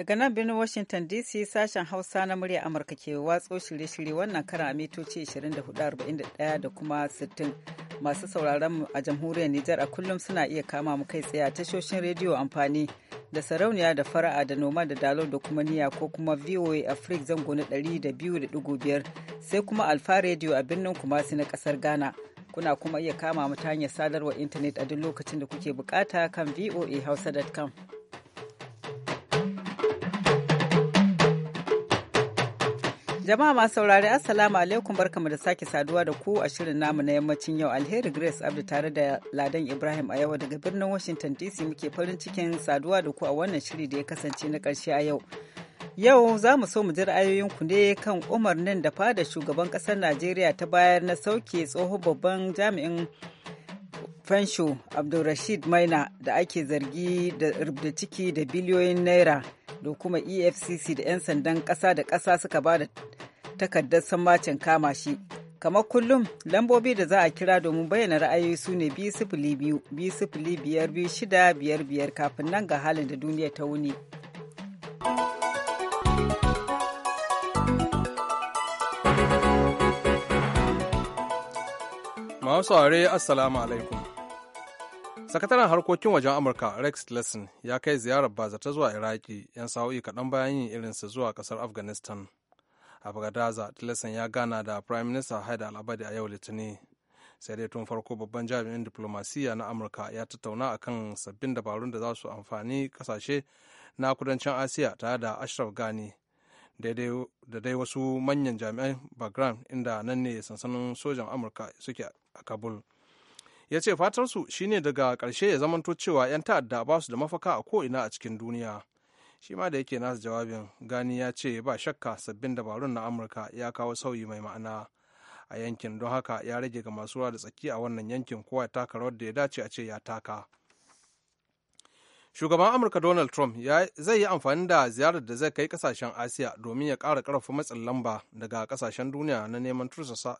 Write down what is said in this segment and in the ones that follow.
Daga nan birnin Washington DC sashen Hausa na murya Amurka ke watso shirye-shirye wannan kara a mitoci 24,41 da kuma 60 masu sauraron a jamhuriyar Nijar a kullum suna iya kama mu kai tsaye a tashoshin rediyo amfani da sarauniya da fara'a da noma da dalo da kuma niya ko kuma VOA Africa zango na 200.5 sai kuma Alfa Radio a birnin Kumasi na kasar Ghana. Kuna kuma iya kama mu ta hanyar sadarwar intanet a duk lokacin da kuke bukata kan voahausa.com. Jama'a masu saurari Assalamu alaikum barkamu da sake saduwa da ku a shirin namu na yammacin yau alheri Grace Abdu tare da Ladan Ibrahim a yau daga birnin Washington DC muke farin cikin saduwa da ku a wannan shiri da ya kasance na karshe a yau. Yau za mu so mu ji ku ne kan umarnin da fada shugaban ƙasar Najeriya ta bayar na sauke tsohon babban jami'in fensho Abdulrashid Maina da ake zargi da rubda ciki da biliyoyin naira da kuma efcc da 'yan sandan ƙasa da kasa suka ba da takardar sammacin kama shi kamar kullum lambobi da za a kira domin bayyana ra'ayoyi su ne biyar biyar kafin nan ga halin da duniya ta wuni. Masu are assalamu alaikum. Sakataren harkokin wajen Amurka Rex Tillerson ya kai ziyarar bazata zuwa Iraki 'yan sa'o'i kaɗan bayan yin irinsa zuwa ƙasar Afghanistan. a bagadaza tillerson ya gana da prime minister haida al'abadi a yau litinin sai dai tun farko babban jami'in diplomasiya na amurka ya tattauna a kan sabbin dabarun da za su amfani kasashe na kudancin asiya tare da ashraf gani da dai wasu manyan jami'an bagram inda nan ne sansanin sojan amurka suke a kabul ya ce fatarsu shine daga karshe ya zamanto cewa 'yan ta'adda ba su da mafaka a ko'ina a cikin duniya shi ma da yake nasa jawabin gani ya ce ba shakka sabbin dabarun na amurka ya kawo sauyi mai ma'ana a yankin don haka ya rage ga masu ruwa da tsaki a wannan yankin kowa ya taka rawar da ya dace a ce ya taka shugaban amurka donald trump zai yi amfani da ziyarar da zai kai kasashen asiya domin ya kara ƙarfafa matsin lamba daga kasashen duniya na neman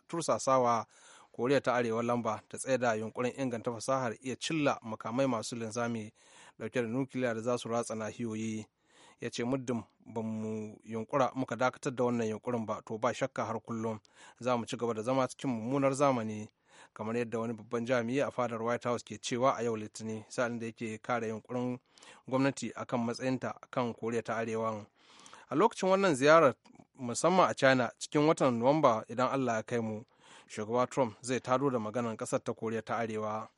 tursasawa koriya ta arewa lamba ta tsaye da yunkurin inganta fasahar iya cilla makamai masu linzami dauke da nukiliya da za su ratsa nahiyoyi ya ce muddin ba mu yunkura muka dakatar da wannan yunkurin ba to ba shakka har kullum za mu ci gaba da zama cikin mummunar zamani kamar yadda wani babban jami'i a fadar white house ke cewa a yau litini sa'in da yake kare yunkurin gwamnati akan matsayinta kan koriya ta arewa a lokacin wannan ziyarar musamman a china cikin watan nuwamba idan allah ya kai mu shugaba trump zai taro da maganar kasar ta koriya ta arewa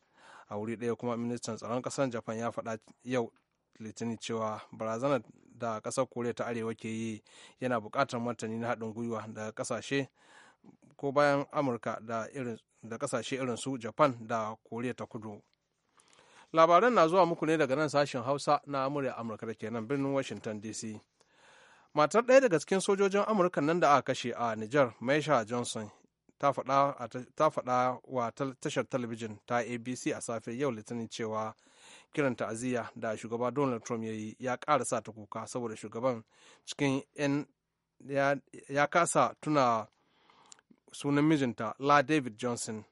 a wuri ɗaya kuma ministan tsaron kasar japan ya faɗa yau litinin cewa barazanar da ƙasar koriya ta arewa ke yi yana bukatar martani na haɗin gwiwa da kasashe ko bayan amurka da kasashe ƙasashe irin su japan da koriya ta kudu labaran na zuwa muku ne daga nan sashen hausa na amurya amurka da ke nan birnin washington dc matar ɗaya daga cikin sojojin amurka nan da aka kashe a niger maisha johnson ta faɗa wa tashar talabijin ta abc a safe yau litinin cewa kiran ta'aziyya da shugaba donald trump ya yi ya ƙara sa ta kuka saboda shugaban cikin 'yan ya kasa tuna sunan mijinta la david johnson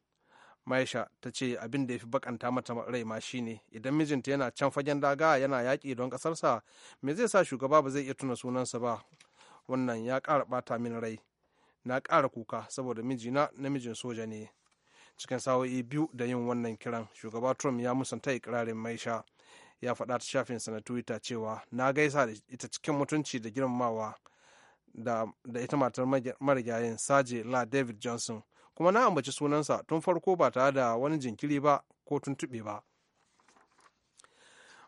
maisha ta ce abin da ya fi bakanta mata rai ma shine idan mijinta yana can fagen daga yana yaƙi don ƙasarsa me zai sa shugaba ba zai iya tuna sunansa ba wannan ya ƙara ɓata min rai na kara kuka saboda mijina namijin soja ne cikin sa'o'i biyu da yin wannan kiran shugaba trump ya musanta ikirarin maisha ya faɗa ta shafin na twitter cewa na gaisa da ita cikin mutunci da girmamawa da, ita matar marigayen saje la david johnson kuma na ambaci sunansa tun farko ba tare da wani jinkiri ba ko tuntuɓe ba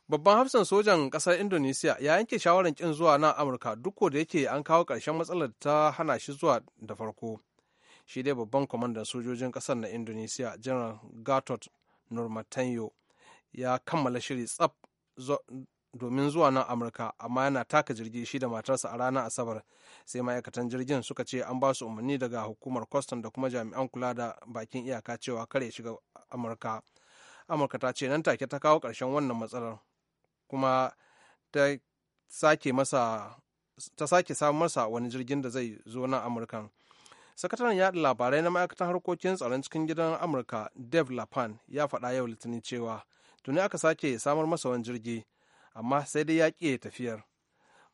babban hafsan sojan ƙasar indonesia ya yanke shawarar kin zuwa na amurka duk da yake an kawo ƙarshen matsalar ta hana shi zuwa da farko shi dai babban kwamandan sojojin kasar na indonesiya general gatot nurmatanyo ya kammala shiri tsab domin zuwa nan amurka amma yana taka jirgi shi da matarsa a ranar asabar sai ma'aikatan jirgin suka ce an ba su umarni daga hukumar kwastam da kuma jami'an kula da bakin iyaka cewa kare shiga amurka amurka ta ce nan take ta kawo ƙarshen wannan matsalar kuma ta sake masa ta sake samun masa wani jirgin da zai zo nan amurkan sakataren yaɗa labarai na ma'aikatan harkokin tsaron cikin gidan amurka dave lapan ya faɗa yau litinin cewa tuni aka sake samar masa wani jirgi amma sai dai ya ƙi tafiyar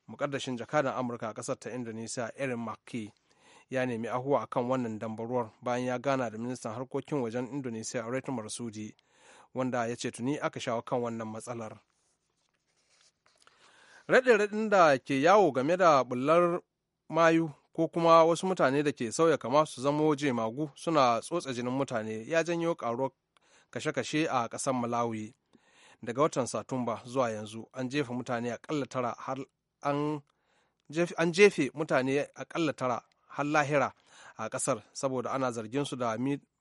mukaddashin jakadan amurka a ƙasar ta indonesia erin mckee ya nemi ahuwa akan wannan dambaruwar bayan ya gana da ministan harkokin wajen indonesia retno marsudi wanda ya ce tuni aka shawo kan wannan matsalar raɗe-raɗin da ke yawo game da bullar mayu ko kuma wasu mutane da ke sauya kama su zamo magu suna tsotsa jinin mutane ya janyo karuwar kashe-kashe a ƙasar malawi daga watan satumba zuwa yanzu an jefe mutane akalla tara har mutane akalla tara har lahira a ƙasar saboda ana zargin su da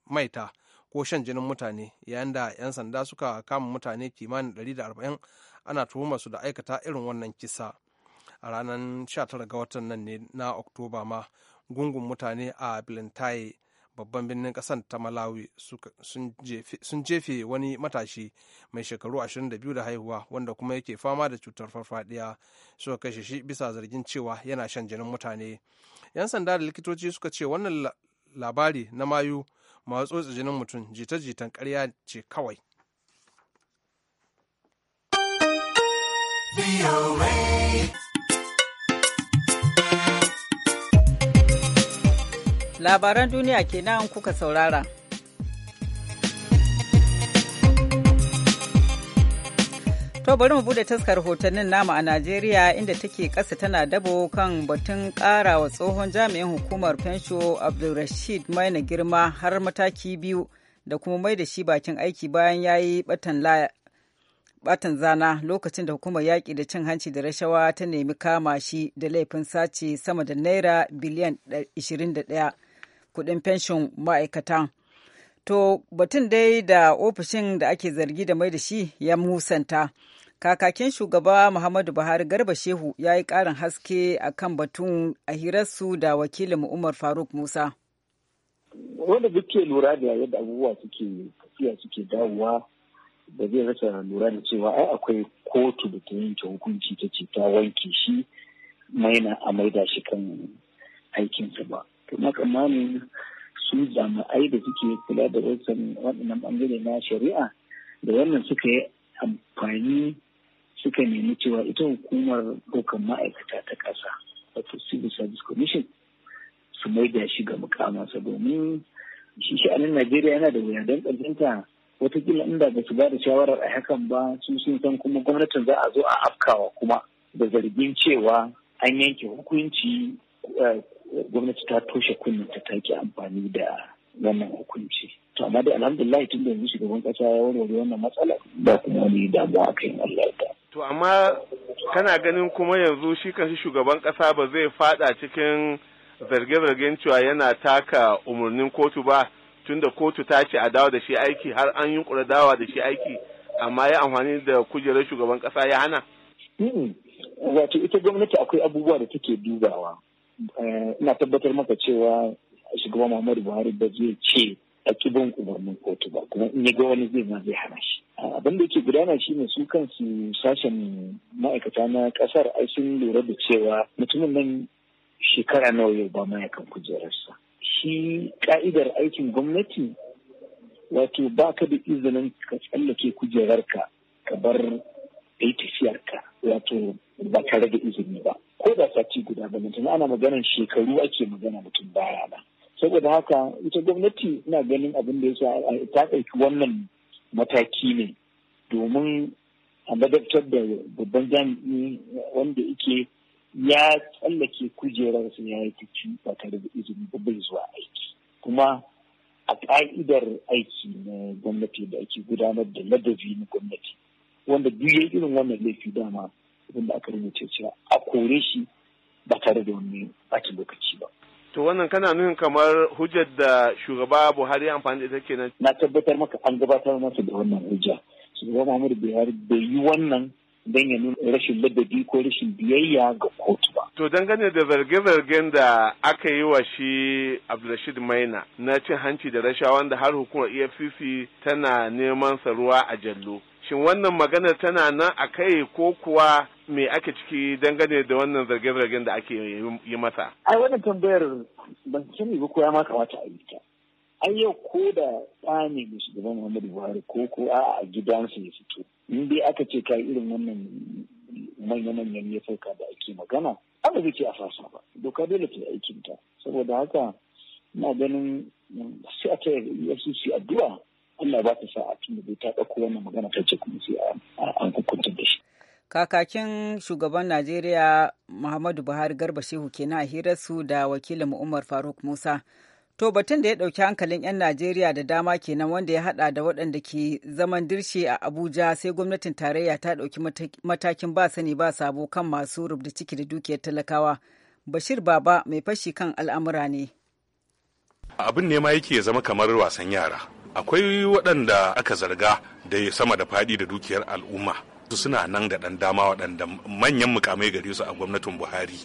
maita ko shan jinin mutane yayin da 'yan sanda suka kama mutane kimanin 140 ana tuhumar su da aikata irin wannan kisa a ranar 19 ga watan nan ne na oktoba ma gungun mutane a bilintaye babban birnin kasar ta malawi sun jefe wani matashi mai shekaru 22 da haihuwa wanda kuma yake fama da cutar farfadiya suka kashe shi bisa zargin cewa yana shan jinin mutane 'yan sanda da likitoci suka ce wannan labari na mayu masu tsotsa jinin mutum jita-jitan karya ce kawai Labaran duniya kenan kuka saurara. To bari mu bude taskar hotonnin nama a Najeriya inda take ƙasa tana dabo kan batun ƙara wa tsohon jami'in hukumar fensho Abdulrashid maina girma har mataki biyu da kuma mai da shi bakin aiki bayan ya yi batan zana lokacin da hukumar yaƙi da cin hanci da rashawa ta nemi kama shi da laifin sace sama da naira biliyan 21. kuɗin fenshin ma'aikata. To batun dai da ofishin da ake zargi da mai da shi ya musanta. Kakakin shugaba Muhammadu Buhari Garba Shehu ya yi ƙarin haske a kan batun a hirarsu da wakilin Umar Faruk Musa. Wanda duke lura da yadda abubuwa suke tafiya suke dawowa da zai rasa lura da cewa ai akwai kotu da ta yanke hukunci ta ce ta wanke shi maina a maida shi kan aikinsa ba. kuma kamanin su jami'ai da suke kula da wasan waɗannan ɓangare na shari'a da wannan suka yi amfani suka nemi cewa ita hukumar dokan ma'aikata ta ƙasa wato civil service commission su da shi ga mukamansa domin shi sha'anin najeriya yana da wuya don ƙarfinta watakila inda ba su ba da shawarar a hakan ba su sun san kuma gwamnatin za a zo a afkawa kuma da zargin cewa an yanke hukunci Eh, gwamnati ta toshe kunnen ta take amfani da wannan hukunci to amma dai alhamdulillah tun da yanzu shugaban kasa ya warware wannan matsala ba kuma wani damuwa kai Allah ta to amma kana ganin kuma yanzu shi kanshi shugaban kasa ba zai fada cikin zarge-zargen cewa yana taka umarnin kotu ba tunda kotu ta ce a dawo da shi aiki har an yi dawa da shi aiki amma ya amfani da kujerar shugaban kasa ya hana wato ita gwamnati akwai abubuwa da take dubawa Eh, ina tabbatar maka cewa shugaban Muhammadu Buhari ba zai ce a kibin umarnin kotu ba kuma in ya ga wani zai ma zai hana shi abin da yake gudana shi ne su kansu sashen ma'aikata na kasar ai sun lura da cewa mutumin nan shekara nawa yau ba ma yakan kujerarsa shi ka'idar aikin gwamnati wato ba ka da izinin ka tsallake kujerarka ka bar ka wato ba tare da izini ba ko da sati guda ba mutum ana maganar shekaru ake magana mutum baya ba saboda haka ita gwamnati ina ganin abin da ya yasa ta ɗauki wannan mataki ne domin a madabtar da babban jami'i wanda yake ya tsallake kujerarsa ya yi tafi ba tare da izini ba bai zuwa aiki kuma a ƙa'idar aiki na gwamnati da ake gudanar da ladabi na gwamnati wanda duk irin wannan laifi dama abin aka rubuce cewa a kore shi ba tare da wani bakin lokaci ba. To wannan kana nuhin kamar hujjar da shugaba Buhari amfani da ita kenan. Na tabbatar maka an gabatar masa da wannan hujja. Shugaba Muhammadu Buhari bai yi wannan don ya nuna rashin ladabi ko rashin biyayya ga kotu ba. To dangane da zarge-zargen da aka yi wa shi Abdulrashid Maina na cin hanci da rashawa wanda har hukumar EFCC tana neman sa ruwa a Jallu. shin wannan magana tana nan a kai ko kuwa me ake ciki dangane da wannan zarge-zargen da ake yi masa? Ai wannan tambayar ban sani ba ko ya ma kamata a yi ta. Ai yau ko da tsani da gaban Muhammadu Buhari ko ko a gidansa ya fito. In dai aka ce ka irin wannan manya-manyan ya sauka da ake magana, ba zai ce a fasa ba. Doka dole ta aikinta. Saboda haka ina ganin sai a ta yi addu'a Allah ba ta a tun da ta ɗauko wannan magana ta ce kuma sai an hukunta da shi. Kakakin shugaban Najeriya Muhammadu Buhari Garba Shehu kenan a hirarsu da wakilin Umar Faruk Musa. To batun da ya ɗauki hankalin 'yan Najeriya da dama kenan wanda ya haɗa da waɗanda ke zaman dirshe a Abuja sai gwamnatin tarayya ta ɗauki matakin ba sani ba sabo kan masu rubda ciki da dukiyar talakawa. Bashir Baba mai fashi kan al'amura ne. Abin nema ma yake zama kamar wasan yara. akwai waɗanda aka zarga da sama da faɗi da dukiyar al'umma suna nan da ɗan dama waɗanda manyan mukamai gare su a gwamnatin buhari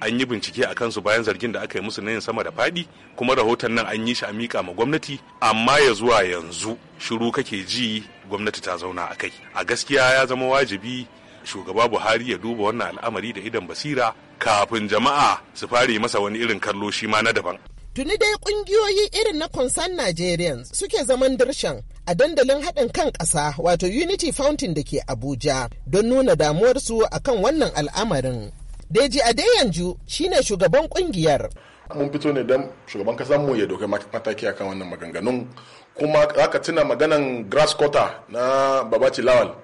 an yi bincike a kansu bayan zargin da aka yi musu na yin sama da faɗi kuma rahoton nan an yi shi a miƙa ma gwamnati amma ya zuwa yanzu shiru kake ji gwamnati ta zauna a kai a gaskiya ya zama wajibi shugaba buhari ya duba wannan al'amari da idan basira kafin jama'a su fare masa wani irin kallo shi ma na daban Tuni dai kungiyoyi irin na Concern Nigerians suke zaman dirshan a dandalin haɗin kan ƙasa wato Unity Fountain da ke Abuja don nuna damuwarsu akan wannan al'amarin. Deji Adeyanju ne shugaban kungiyar. Mun fito ne don shugaban kasa mu ya doka mataki akan wannan maganganun kuma aka tuna maganan grass quarter na Babaci Lawal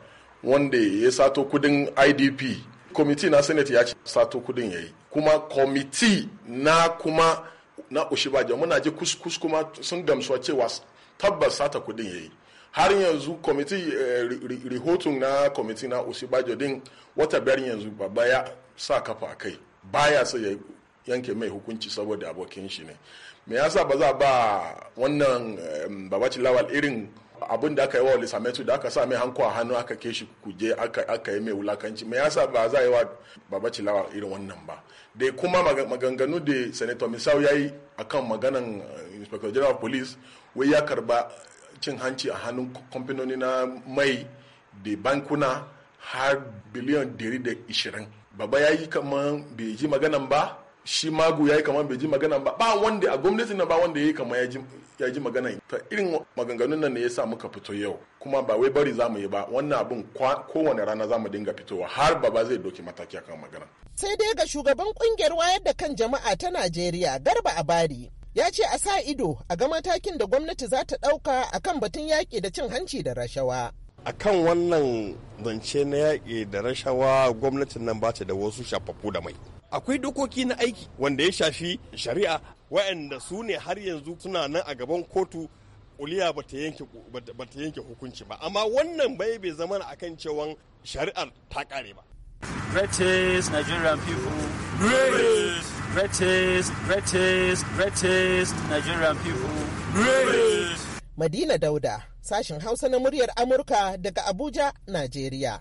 wanda ya sato kudin IDP. Kwamiti na Senate ya ce sato kudin ya yi. Kuma kwamiti na kuma na ushibaja muna ji kuskus kuma sun gamsuwa cewa tabbas sata kudin yayi har yanzu kwamiti eh, rihoton na kwamiti na ushibaja din wata biyar yanzu babba ya sa kafa a kai baya sai ya yanke mai hukunci saboda abokin shi ne me yasa ba za ba wannan eh, babaci lawal irin abin da aka yi wa lissametu da aka sa mai hanko a hannu aka ke shi kuje aka yi mai wulakanci me yasa ba za a yi wa baba cilawa irin wannan ba da kuma maganganu da senator misau ya yi a kan maganan eh, inspector general police wai ya karba cin hanci a hannun kamfanoni na mai da bankuna har biliyan ishirin baba ya yi kamar bai ji maganan ba shi magu ya yi kamar bai ji maganan ba ba wanda a gwamnati na ba wanda ya yi kamar ya ji ya ji magana ta irin maganganun nan ne ya sa muka fito yau kuma ba wai bari za mu yi ba wannan abin kowane rana za mu dinga fitowa har baba zai doki mataki akan magana. sai dai ga shugaban kungiyar wayar da kan jama'a ta najeriya garba abari ya ce a sa ido a ga matakin da gwamnati za ta ɗauka akan batun yaƙi da cin hanci da rashawa. a kan wannan zance na yaƙi da rashawa gwamnatin nan ba ta da wasu shafaffu da mai akwai dokoki na aiki wanda ya shafi shari'a waɗanda su ne har yanzu suna nan a gaban kotu uliya ba ta yanke hukunci ba amma wannan bai bai zama a kan cewa shari'ar ta kare ba Greatest Nigerian people. Nigerian people. Madina Dauda, sashen Hausa na muryar Amurka daga Abuja, Najeriya.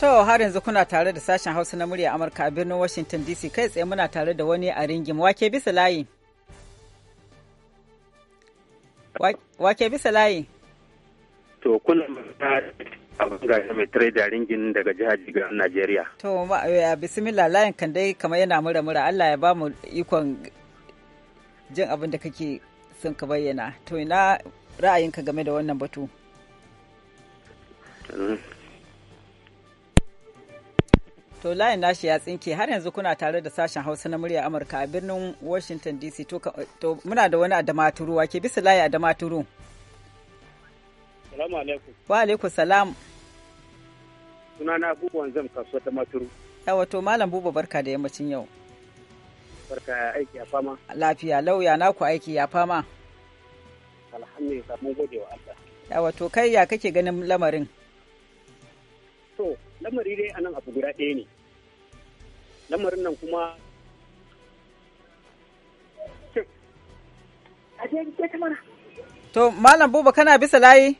To har yanzu kuna tare da sashen Hausa na murya Amurka a birnin Washington DC kai tsaye muna tare da wani a ringim wake bisa layi. Wake bisa layi. To kuna abin gashi mai tare da ringin daga jihar Jigar Najeriya. To eh, bismillah layin kan dai kamar yana mura mura Allah ya ba mu ikon jin abin da kake sun ka bayyana. To ina ra'ayinka game da wannan batu. Mm. To layin nashi ya tsinke har yanzu kuna tare da sashen Hausa na murya Amurka a birnin Washington DC to muna da wani Adama Turu wake bisa layi Adama Turu. Salamu alaikum. Wa alaikum salam. Sunana abubuwan zan kasuwa da maturu. Yawa to Malam Buba barka da yammacin yau. Barka aiki ya fama. Lafiya lauya naku aiki ya fama. Alhamdulillah mun gode wa Allah. Yawa to kai ya kake ganin lamarin? to lamari dai anan abu guda ɗaya ne lamarin nan kuma to malam buba kana bisa layi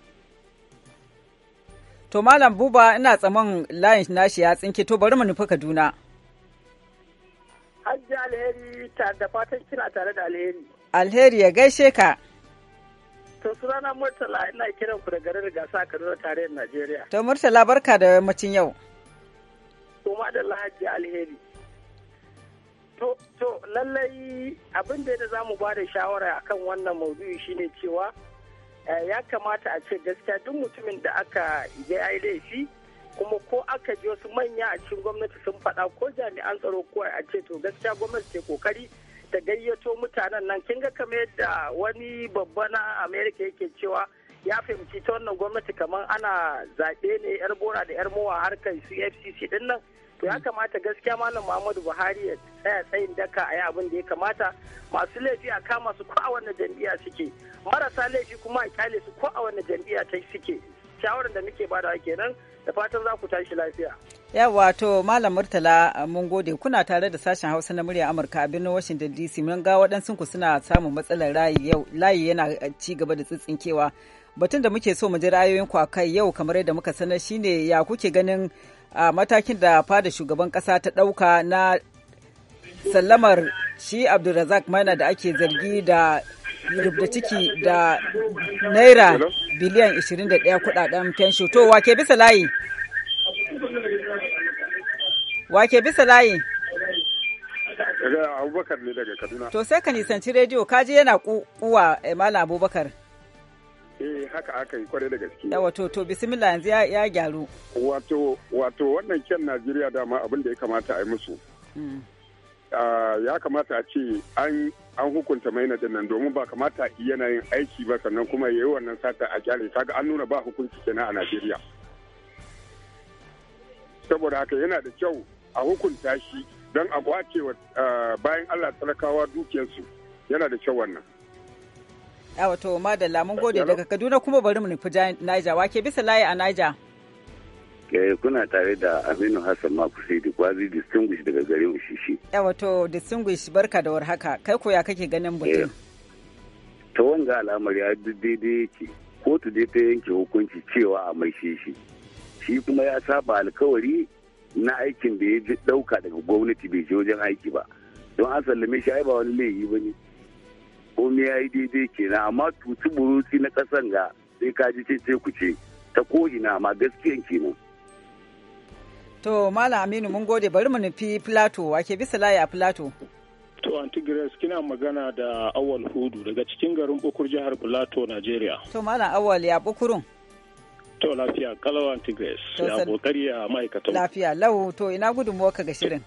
to malam buba ina tsaman layin nashi ya tsinke to bari mu nufi kaduna hajji alheri da fatan kina tare da alheri alheri ya gaishe ka To rana Murtala ina kiran ku da garin gasa Kaduna tarayyar Najeriya. To Murtala barka da yammacin yau. Kuma da Lahaji Alheri. To to lallai abin da za mu bada shawara akan wannan maudu'i shine cewa eh, ya kamata a ce gaskiya duk mutumin da aka ya yi laifi kuma ko aka ji wasu manya a cikin gwamnati sun faɗa ko jami'an tsaro ko a ce to gaskiya gwamnati ke kokari da gayyato mutanen nan kin ga kamar yadda wani babba na america yake cewa ya fahimci ta wannan gwamnati kamar ana zaɓe ne yar bora da yar mowa harkar cfcc din nan to ya kamata gaskiya malam muhammadu buhari ya tsaya tsayin daka a yi abin da ya kamata masu laifi a kama su ko a wannan jam'iyya suke marasa laifi kuma a kyale su ko a wannan jam'iyya ta suke shawarar da muke badawa kenan da fatan za ku tashi lafiya. Ya wato Malam Murtala mun gode kuna tare da sashen Hausa na murya Amurka a birnin Washington DC mun ga waɗansu ku suna samun matsalar layi yau layi yana eh, ci gaba da tsitsinkewa. Batun da muke so mu ji ra'ayoyin ku kai yau kamar yadda muka sanar shine ya kuke ganin a ah, matakin da fada shugaban ƙasa ta ɗauka na sallamar shi Abdulrazak mana da ake zargi da rubda ciki da naira biliyan 21 kudaden fensho to wake bisa layi wake bisa layi to sai ka nisanci rediyo kaji yana kuwa eh, malam abubakar eh haka aka yi kwarai da gaske yawa to to bismillah yanzu ya gyaru wato wato wannan kyan najeriya dama abin da ya kamata a yi musu hmm. ah, ya kamata a ce an an hukunta maina din nan domin ba kamata yana yin aiki ba sannan kuma yayi wannan sata a kyale kaga an nuna ba hukunci kenan a Najeriya saboda haka yana da kyau a hukunta shi don a kwace eh, bayan Allah talakawa dukiyarsu yana da kyau wannan a wato madalla mun gode daga Kaduna kuma bari mu nufi Niger wake bisa layi a Niger Eh, kuna tare da aminu hassan da kwazi distinguish daga garin ushishi wato distinguish barka da warhaka kai ko kake ganin mutum eh, ta wanga al'amar ya daidai yake kotu dai ta yanke hukunci cewa a mai shi shi kuma ya saba alkawari na aikin da ya dauka daga gwamnati bai je wajen aiki ba don an sallame shi ai ba wani laifi ba ne komai ya yi daidai kenan amma tutu buruti na kasan ga sai ka ji ce ku ce ta ko ina ma gaskiyan kenan. To Malam Aminu mun gode bari mu nufi Plato wake bisa layi a Plato. To Aunty Grace kina magana da Awal Hudu daga cikin garin Bukur jihar Plato Najeriya. To Malam Awal ya Bukurun. To lafiya kalau Aunty Grace ya kokari a ma'aikatan. Lafiya lau to ina gudunmuwa ka ga shirin.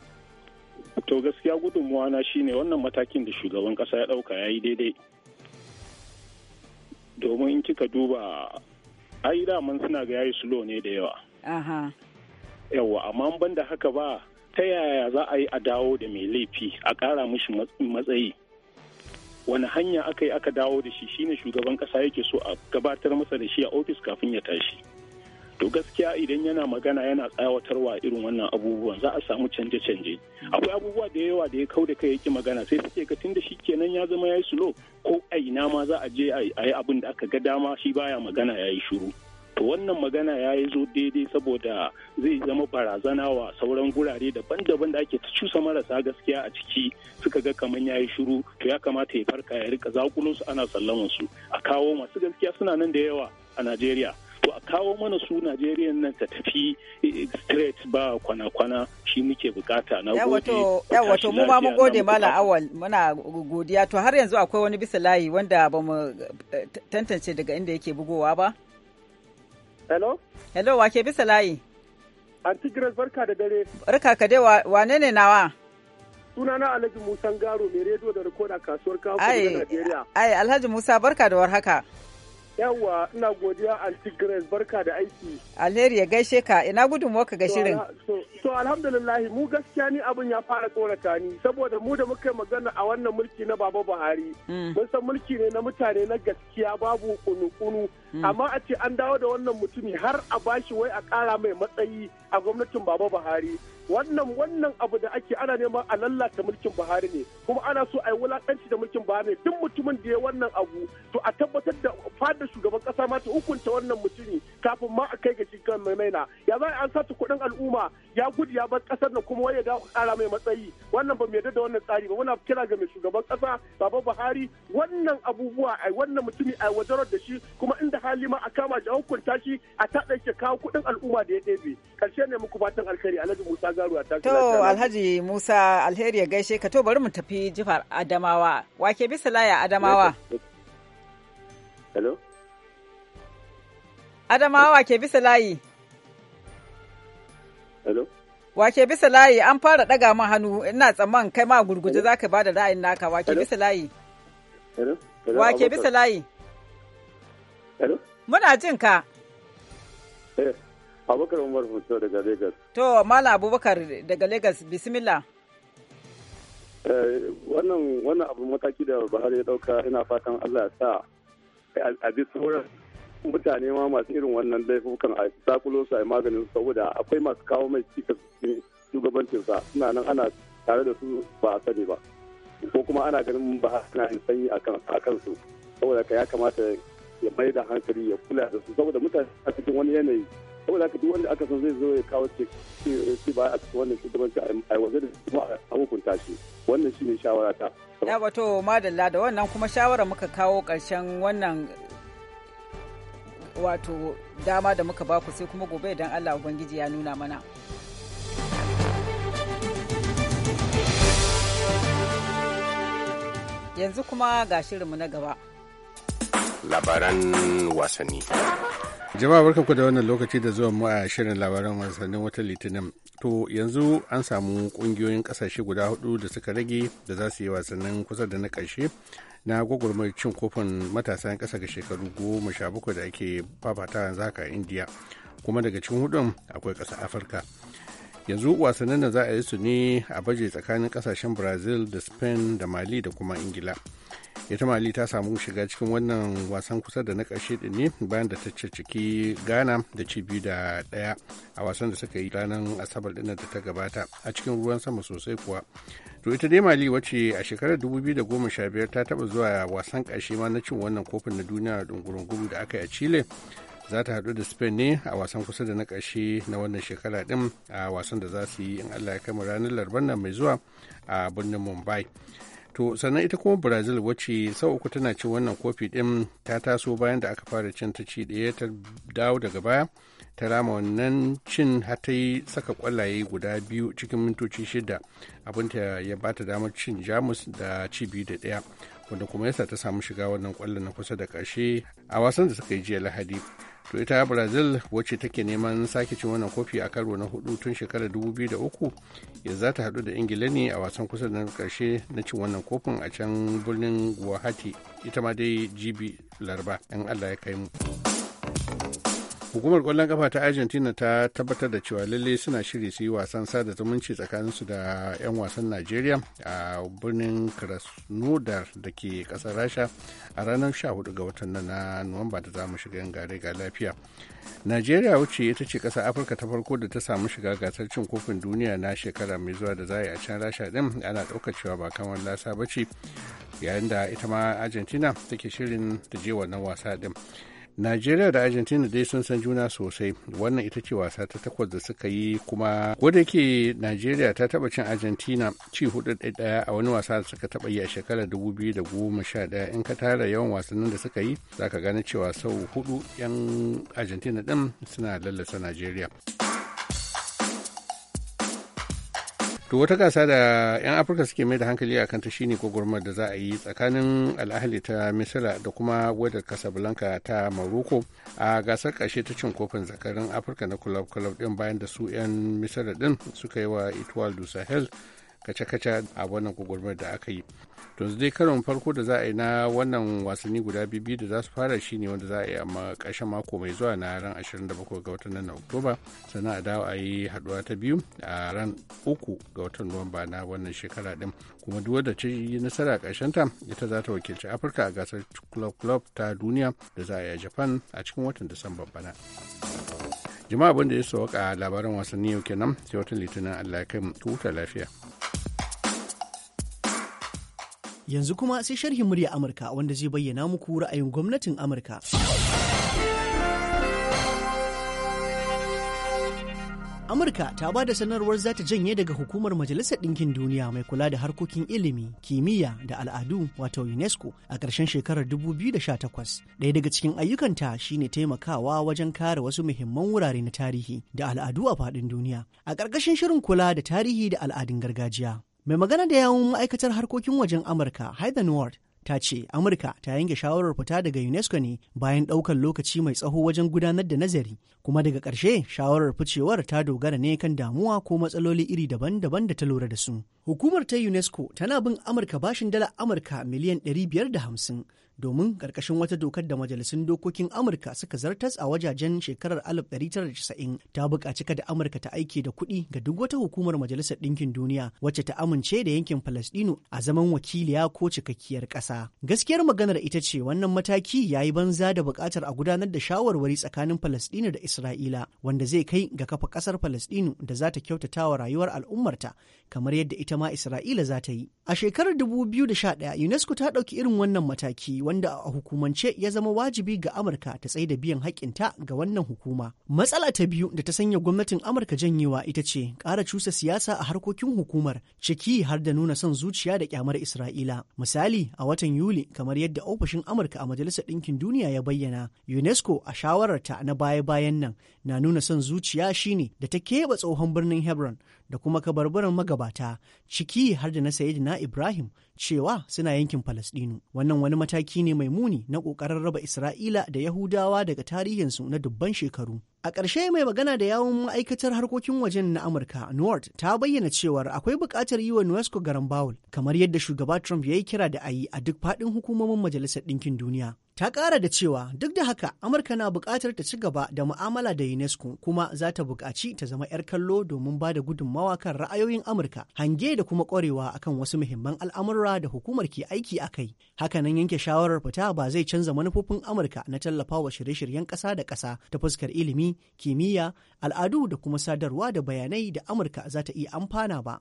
To gaskiya gudunmuwa na shine wannan matakin da shugaban kasa ya dauka yayi daidai. Domin in kika duba ai daman suna ga yayi sulo ne da yawa. Aha. yawa amma ban da haka ba ta yaya za a yi a dawo da mai laifi a kara mishi matsayi wani hanya aka yi aka dawo da shi shine shugaban ƙasa yake so a gabatar masa da shi a ofis kafin ya tashi to gaskiya idan yana magana yana tsawatarwa irin wannan abubuwan za a samu canje-canje akwai abubuwa da yawa da ya kau da kai yake magana sai suke ga tunda shi kenan ya zama ya yi sulo ko aina ma za a je a yi abin da aka ga dama shi baya magana ya yi shuru to wannan magana ya yi zo daidai saboda zai zama barazana wa sauran gurare daban-daban da ake cusa marasa gaskiya a ciki suka ga kamar ya yi shiru to ya kamata ya farka ya rika zakulun su ana sallaman su a kawo masu gaskiya suna nan da yawa a najeriya to a kawo mana su najeriya nan ta tafi eh, eh, straight ba kwana-kwana shi muke bukata na gode wato mu ma mu gode mala awal muna godiya to har yanzu akwai wani bisa layi wanda ba mu eh, tantance daga inda yake bugowa ba Hello? Hello, ke bisa layi? Anti Grace barka da dare. Barka ka dai wane ne nawa? Suna na Alhaji Musa Garo mai rediyo da rikoda kasuwar kawo da Najeriya. Ai Alhaji Musa barka da warhaka. Yawwa ina godiya Anti barka da aiki. Alheri ya gaishe ka ina gudun ka ga shirin. so alhamdulillah mu gaskiya ni abin ya fara tsorata ni saboda mu da muka yi magana a wannan mulki na Baba Buhari. Mm. Mun san mulki ne na mutane na gaskiya babu kunu-kunu mm. amma a ce an dawo da wannan mutumi har a bashi wai a kara mai matsayi a gwamnatin Baba Buhari. wannan wannan abu da ake ana nema a lallata mulkin buhari ne kuma ana so a yi wulakanci da mulkin buhari ne duk mutumin da ya wannan abu to a tabbatar da fadar shugaban kasa ma ta hukunta wannan mutumi kafin ma a kai ga cikin mai maina ya za an sace kuɗin al'umma ya gudu ya bar kasar nan kuma ya ga kara mai matsayi wannan ba mu yarda da wannan tsari ba muna kira ga mai shugaban kasa baba buhari wannan abubuwa a wannan mutumi a wajarar da shi kuma inda hali ma a kama shi a hukunta shi a taɗa shi kawo kuɗin al'umma da ya ɗebe karshe ne muku fatan alkhairi alhaji musa a ta To Alhaji Musa Alheri ya gaishe ka to bari mu tafi jihar Adamawa. Wake bisa laya Adamawa. Hello. Adamawa ke bisa layi. Hello. Wake bisa layi an fara daga ma hannu ina tsamman kai ma gurguje za ka bada ra'ayin naka wake bisa layi. Hello. Wake bisa layi. Hello. Muna jin ka. Hello. Eh. Abubakar Umar Fuso daga Lagos. To, Mala Abubakar daga Lagos, bismillah. Eh, wannan wannan abu mataki da Buhari ya dauka ina fatan Allah ya sa a bi sauran mutane ma masu irin wannan laifukan a sakulo su a maganin saboda akwai masu kawo mai cikas shugabancinsa suna nan ana tare da su ba a sani ba ko kuma ana ganin ba suna yin sanyi a kansu saboda ka ya kamata ya mai da hankali ya kula da su saboda mutane a cikin wani yanayi saboda haka duk wanda aka san zai zo ya kawo ce ba a cikin wannan shugabanci a waje da kuma a hukunta shi wannan shi ne shawara ta. Ya wato madalla da wannan kuma shawara muka kawo ƙarshen wannan wato dama da muka ba ku sai kuma gobe idan Allah Ubangiji ya nuna mana. Yanzu kuma ga shirinmu na gaba. Labaran wasanni. Jama'a barkanku da wannan lokaci da zuwan mu a shirin labaran wasannin wata litinin. To yanzu an samu kungiyoyin kasashe guda hudu da suka rage da za su yi wasannin kusa da na karshe na gwagwarmar cin kofin matasan kasa ga shekaru goma sha bakwai da ake fafata yanzu haka a Indiya. Kuma daga cikin hudun akwai kasa Afirka. Yanzu wasannin da za a yi su ne a baje tsakanin ƙasashen Brazil da Spain da Mali da kuma Ingila. ita mali ta samu shiga cikin wannan wasan kusa da na ƙarshe din ne bayan da ta cicciki ghana da ci biyu da ɗaya a wasan da suka yi ranar asabar ɗin da ta gabata a cikin ruwan sama sosai kuwa to ita dai mali wacce a shekarar 2015 ta taba zuwa wasan ƙarshe ma na cin wannan kofin na duniya dungurunguru da aka yi a chile za ta haɗu da spain ne a wasan kusa da na ƙarshe na wannan shekara ɗin a wasan da za su yi in allah ya kai mu ranar larabar nan mai zuwa a birnin mumbai to sannan ita kuma brazil wacce sau uku tana ci wannan kofi din ta taso bayan da aka fara cin ta ci ɗaya ta dawo daga baya ta rama wannan cin har yi saka kwallaye guda biyu cikin mintoci shida abinta ya ba ta damar cin jamus da ci biyu da ɗaya wanda kuma yasa ta samu shiga wannan kwallon na kusa da ƙarshe a wasan da suka yi jiya lahadi to ita brazil wacce take neman sake cin wannan kofi a karo na hudu tun shekarar 2003 yanzu za ta hadu da ingila ne a wasan kusa da karshe na cin wannan kofin a can birnin guwahati ita ma dai jibi larba in allah ya kai mu hukumar kwallon kafa ta argentina ta tabbatar da cewa lalle suna shirya su yi wasan sada zumunci tsakaninsu da 'yan wasan najeriya a birnin krasnodar da ke kasar rasha a ranar 14 ga watan na nuwamba da za mu shiga yin gare ga lafiya najeriya wuce ita ce kasar afirka ta farko da ta samu shiga gasar cin kofin duniya na shekara mai zuwa da za a yi a can rasha din ana ɗaukar cewa ba kamar lasa ba ce yayin da ita ma argentina take shirin da je wannan wasa din Najeriya da Argentina dai sun san juna sosai wannan ita ce wasa ta takwas da suka yi kuma ko da Najeriya ta taba cin Argentina ci hudu ɗaya a wani wasa da suka taba yi a shekarar da sha 2011 in ka tara yawan wasannin da suka yi zaka gane cewa sau hudu 'yan Argentina din suna lallasa Najeriya. to wata gasa da 'yan afirka suke mai da hankali a kanta shine gwagwarmar da za a yi tsakanin al'ahali ta misira da kuma wadda casablanca ta morocco a gasar ƙarshe ta cin kofin zakarin afirka na club club din bayan da su 'yan misira din suka yi wa etoile du sahel kaca-kaca a wannan gwagwarmar da aka yi to dai karon farko da za a yi na wannan wasanni guda biyu da za su fara shi ne wanda za a yi a ƙarshen mako mai zuwa na ran 27 ga watan nan oktoba sannan a dawo a yi haduwa ta biyu a ran 3 ga watan nuwamba na wannan shekara din kuma duk wadda ta yi nasara ƙarshen ta ita za ta wakilci afirka a gasar club club ta duniya da za a yi a japan a cikin watan disamba bana. jama'a abin da ya sauka labaran wasanni yau kenan sai wata litinin allah ya kai huta lafiya yanzu kuma sai sharhin murya amurka wanda zai bayyana muku ra'ayin gwamnatin amurka Amurka ta ba da sanarwar za ta janye daga hukumar Majalisar Ɗinkin Duniya mai kula da harkokin ilimi, kimiyya da al'adu wato UNESCO a ƙarshen shekarar 2018. Ɗaya daga cikin ayyukanta shine taimakawa wajen kare wasu muhimman wurare na tarihi da al'adu a faɗin duniya. A ƙarƙashin shirin kula da tarihi da al'adun gargajiya. Mai magana da yawun ma'aikatar harkokin wajen Amurka, Heather Ward, ta ce Amurka ta yanke shawarar fita daga UNESCO ne bayan ɗaukar lokaci mai tsaho wajen gudanar da nazari kuma daga ƙarshe shawarar ficewar ta dogara ne kan damuwa ko matsaloli iri daban-daban da ta lura da su. Hukumar ta UNESCO tana bin Amurka bashin dala Amurka miliyan 550 domin ƙarƙashin wata dokar da majalisun dokokin amurka suka zartas a wajajen shekarar 1990 ta buƙaci kada amurka ta aiki da kuɗi ga duk wata hukumar majalisar ɗinkin duniya wacce ta amince da yankin falastinu a zaman wakiliya ko cikakkiyar ƙasa gaskiyar maganar ita ce wannan mataki ya yi banza da buƙatar a gudanar da shawarwari tsakanin falastinu da isra'ila wanda zai kai ga kafa ƙasar falastinu da za ta kyautatawa rayuwar al'ummarta kamar yadda ita ma isra'ila za ta yi a shekarar 2011 unesco ta ɗauki irin wannan mataki wanda a hukumance ya zama wajibi ga Amurka ta tsaye da biyan haƙƙinta ga wannan hukuma. Matsala ta biyu da ta sanya gwamnatin Amurka janyewa ita ce ƙara cusa siyasa a harkokin hukumar ciki har da nuna son zuciya da kyamar Isra'ila. Misali a watan Yuli kamar yadda ofishin Amurka a Majalisar Ɗinkin Duniya ya bayyana UNESCO a shawararta na baya-bayan nan na nuna son zuciya shine da ta keɓe tsohon birnin Hebron da kuma kabarbaran magabata ciki har da na na Ibrahim cewa suna yankin Falasɗinu. Wannan wani mataki ne mai muni na ƙoƙarin raba Isra'ila da Yahudawa daga tarihinsu na dubban shekaru. A ƙarshe mai magana da yawon ma'aikatar harkokin wajen na Amurka, north ta bayyana cewar akwai buƙatar yi wa Nuesko garan kamar yadda shugaba Trump ya yi kira da a yi a duk faɗin hukumomin Majalisar Ɗinkin Duniya. ta ƙara da cewa duk da haka amurka na buƙatar ta ci gaba da mu'amala da unesco kuma za ta buƙaci ta zama 'yar kallo domin ba da gudunmawa kan ra'ayoyin amurka hange da kuma ƙwarewa akan wasu muhimman al'amura da hukumar ke aiki a kai hakanan yanke shawarar fita ba zai canza manufofin amurka na tallafawa shirye-shiryen ƙasa da ƙasa ta fuskar ilimi kimiyya al'adu da kuma sadarwa da bayanai da amurka za ta iya amfana ba.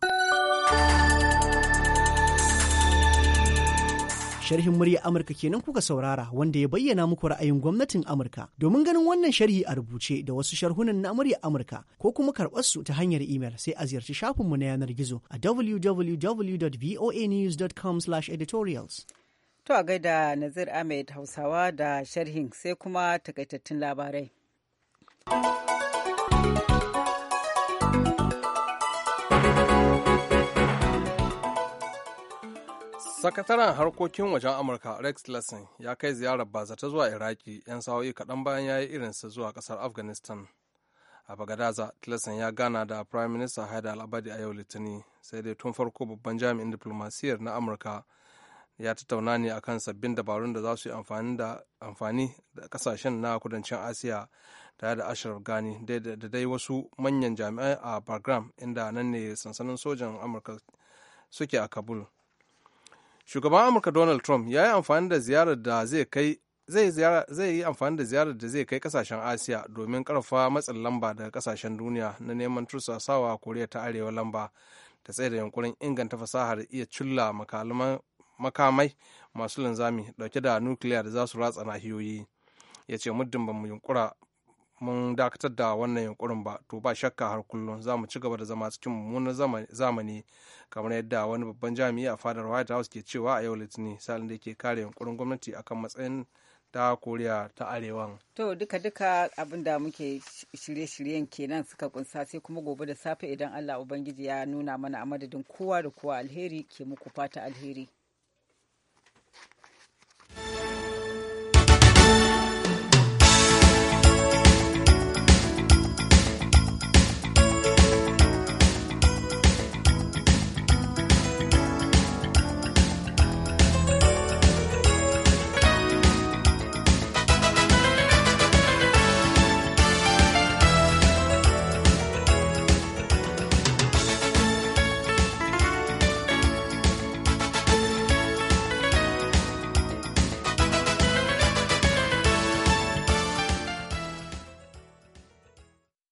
sharhin murya Amurka kenan kuka saurara wanda ya bayyana muku ra'ayin gwamnatin Amurka. Domin ganin wannan sharhi a rubuce da wasu sharhunan na murya Amurka ko kuma karɓar su ta hanyar imel sai a ziyarci shafinmu na yanar gizo a www.voanews.com/editorials. To a gaida Nazir Ahmed Hausawa da sharhin sai kuma takaitattun labarai. sakataren harkokin wajen amurka rex lesson ya kai ziyarar bazata zuwa iraki 'yan sa'o'i kaɗan bayan ya yi irinsa zuwa ƙasar afghanistan a bagadaza tillerson ya gana da prime minister haidar al'abadi a yau litinin sai dai tun farko babban jami'in diplomasiyyar na amurka ya tattauna ne akan sabbin dabarun da za su yi amfani da kasashen na kudancin asiya tare da ashraf gani da dai wasu manyan jami'ai a bagram inda nan ne sansanin sojan amurka suke a kabul shugaban amurka donald trump ya yi amfani da ziyarar da zai kai zai yi amfani da ziyarar da zai kai kasashen asiya domin karfa matsin lamba daga kasashen duniya na neman tursasawa koriya ta arewa lamba ta tsaye da yankurin inganta fasahar iya cilla makamai masu linzami dauke da nukiliya da za su ratsa nahiyoyi ya ce muddin ba mu yunkura mun dakatar da wannan yunkurin ba to ba shakka har kullum za mu ci gaba da zama cikin mummunan zamani kamar yadda wani babban jami'i a fadar white house ke cewa a yau litini salin da ke kare yunkurin gwamnati akan matsayin ta koriya ta arewa. to duka duka abin da muke shirye-shiryen kenan suka kunsa sai kuma gobe da safe idan allah ubangiji ya nuna mana a madadin kowa da kowa alheri ke muku fata alheri